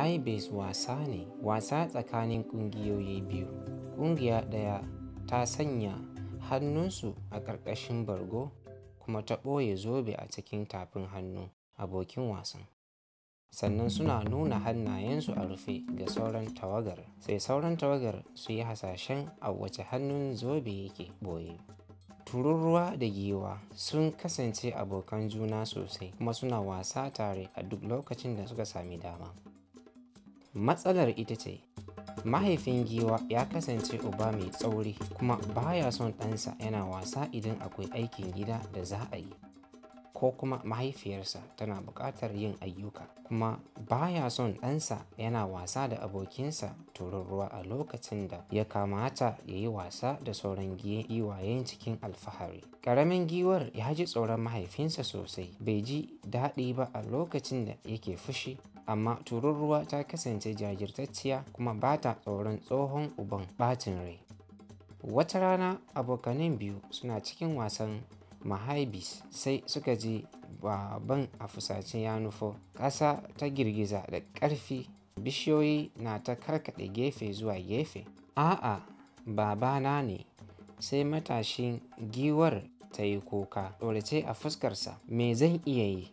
high-base wasa ne, wasa tsakanin ƙungiyoyi biyu. Ƙungiya ɗaya ta sanya hannunsu a ƙarƙashin bargo kuma ta ɓoye zobe a cikin tafin hannu abokin wasan. sannan suna nuna hannayensu a rufe ga sauran tawagar sai sauran tawagar su yi hasashen a wace hannun zobe yake ɓoye tururuwa da giwa sun kasance abokan juna sosai kuma suna wasa tare a duk lokacin da suka sami dama matsalar ita ce mahaifin giwa ya kasance uba mai tsauri kuma baya son ɗansa yana wasa idan akwai aikin gida da za a yi ko kuma mahaifiyarsa tana buƙatar yin ayyuka kuma baya son ɗansa yana wasa da abokinsa turin a lokacin da ya kamata ya yi wasa da sauran giwayen cikin alfahari ƙaramin giwar ya ji tsoron mahaifinsa sosai bai ji daɗi ba a lokacin da yake fushi amma tururuwa ta kasance jajirtacciya kuma ba ta tsoron tsohon uban ɓacin rai wata rana abokanin biyu suna cikin wasan mahaibis sai suka ji baban a fusace ya nufo ƙasa ta girgiza da ƙarfi bishiyoyi na ta karkaɗe gefe zuwa gefe a'a babana ne sai matashin giwar ta yi kuka tsorace a fuskarsa me zan iya yi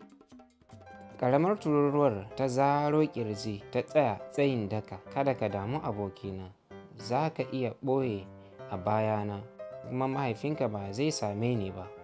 ƙaramar tururuwar ta zaro ƙirji ta tsaya tsayin daka kada ka damu abokina za ka iya ɓoye a bayana kuma mahaifinka ba zai same ni ba